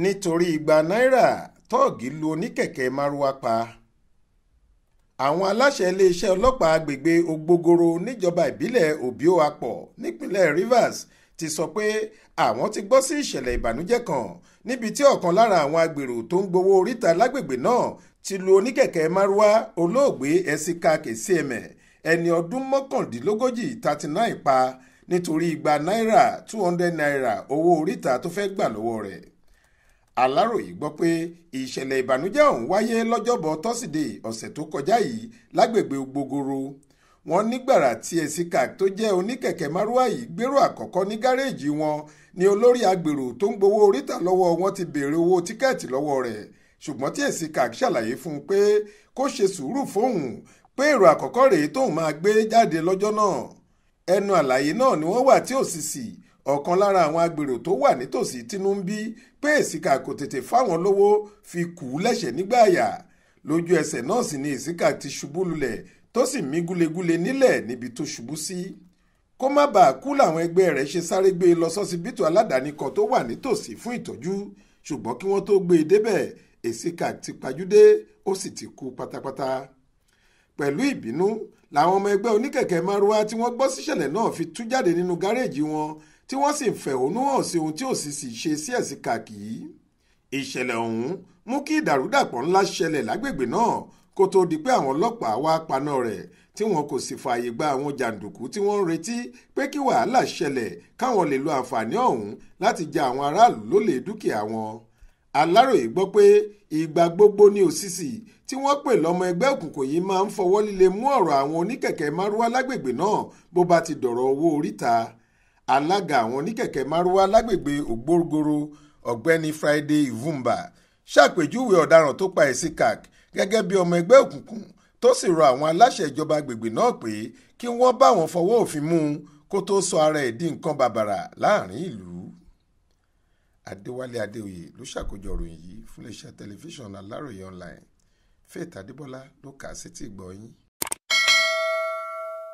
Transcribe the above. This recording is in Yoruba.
nítorí igba náírà tóògì lu oníkẹ̀kẹ́ márúwá pa àwọn aláṣẹ iléeṣẹ́ ọlọ́pàá agbègbè ògbógoro níjọba ìbílẹ̀ òbíò-apọ̀ nípínlẹ̀ Rivers ti sọ pé àwọn ti gbọ́ sí ìṣẹ̀lẹ̀ ìbànújẹ́ kan níbi tí ọ̀kan lára àwọn agbèrò tó ń gbowó oríta lágbègbè náà ti lu oníkẹ̀kẹ́ márúwá olóògbé ẹ̀sìnká kèsíẹ̀mẹ̀ ẹni ọdún mọ́kàndínlógójì thirty nine pa nítorí igba náírà two hundred naira owó oríta tó fẹ́ gbà lọ́wọ́ rẹ̀ aláròye gbọ́ pé ìṣẹ̀lẹ̀ ìbànújẹ́ ọ̀hún wáyé lọ́jọ́bọ̀ tọ́sídẹ̀ẹ́ ọ̀sẹ̀ tó kọjá yìí lágbègbè gbogoro wọn nígbàrà tí ẹ̀sìkà tó jẹ́ oníkẹ̀kẹ́ márúwá yìí gbèrò àkọ́kọ́ ní gáréèjì wọn ni olórí agbèrò tó ń gbowó oríta lọ́wọ́ wọn ti béèrè owó tíkẹ́ẹ̀tì lọ́wọ́ rẹ̀ ṣùgbọ́n tí ẹ̀sìkà ṣàlàyé fún un pé kó ṣe sùúrù fóun pé èrò àkọ́kọ́ rèé tóun máa gbé jáde lọ́jọ́ náà ẹnu àlàyé náà ni wọ́n wà tí òsì sì ọ̀kan lára àwọn agbèrò tó wà nítòsí tínú ń bí pé èsìkà kò tètè fáwọn lówó fi kù ú lẹ́sẹ̀ nígbà àyà lójú ẹsẹ̀ náà sì ni èsìkà ti ṣubú lulẹ̀ tó sì mí gúlegúle nílẹ̀ níbi tó ṣubú sí kó má bàa kú làwọn ẹgbẹ́ rẹ̀ ṣe sáré gbé e lọ sọ́sibítù aládàáni kan tó wà nítòsí fún ìtọ́jú ṣùgbọ́n kí wọ́n tó gbé e débẹ̀ èsìkà ti pajúdé ó sì ti kú pátápátá pẹ̀lú ìbínú làwọn ọmọ ẹgbẹ́ oníkẹ̀kẹ́ márúwá tí wọ́n gbọ́ síṣẹ̀lẹ̀ náà fi tú jáde nínú gáréèjì wọn tí wọ́n sì fẹ̀hónú hàn sí ohun tí òṣìṣì ṣe sí ẹ̀sìnkà kì í. ìṣẹ̀lẹ̀ ọ̀hún mú kí ìdàrúdàpọ̀ ńlá ṣẹlẹ̀ lágbègbè náà kó tó di pé àwọn ọlọ́pàá wá paná rẹ̀ tí wọn kò sì fààyè gba àwọn jàǹdùkú tí wọ́n ń retí pé kí wàhálà ṣẹlẹ̀ káwọn lè lo àǹfààní ọ̀hún láti ja àwọn aráàlú lólè dúkìá wọn. aláròye gbọ́ pé ìgbà gbogbo ni òṣìṣì tí wọ́n pè lọ́mọ ẹgbẹ́ òkùnkùn yìí máa ń fọwọ́ líle mú ọ̀rọ̀ àwọn oníkẹ̀kẹ́ márúwá lágbègbè náà bó bá ti dọ̀rọ̀ owó oríta alága àwọn oníkẹ̀kẹ́ márúwá lágbègbè ògbógoro ọ̀gbẹ́ni Friday Ivumba ṣàpèjúwe ọ̀daràn tó pa ẹ̀sìn CAC gẹ́gẹ́ bí ọmọ ẹgbẹ́ òkùnkùn tó sì rọ àwọn aláṣẹ ìjọba agbègbè náà pé kí wọ́n bá wọn fọwọ́ òfin mú un kó tó sọ ara ẹ̀ di nǹkan bàbàrà láàrin ìlú. Adéwálé Adéoyè ló ṣàkójọ ròyìn yìí fún iléeṣẹ́ tẹlifíṣàn Aláròye online Faith Adébọ́lá ló kà á sétí ìgbọ́ yín.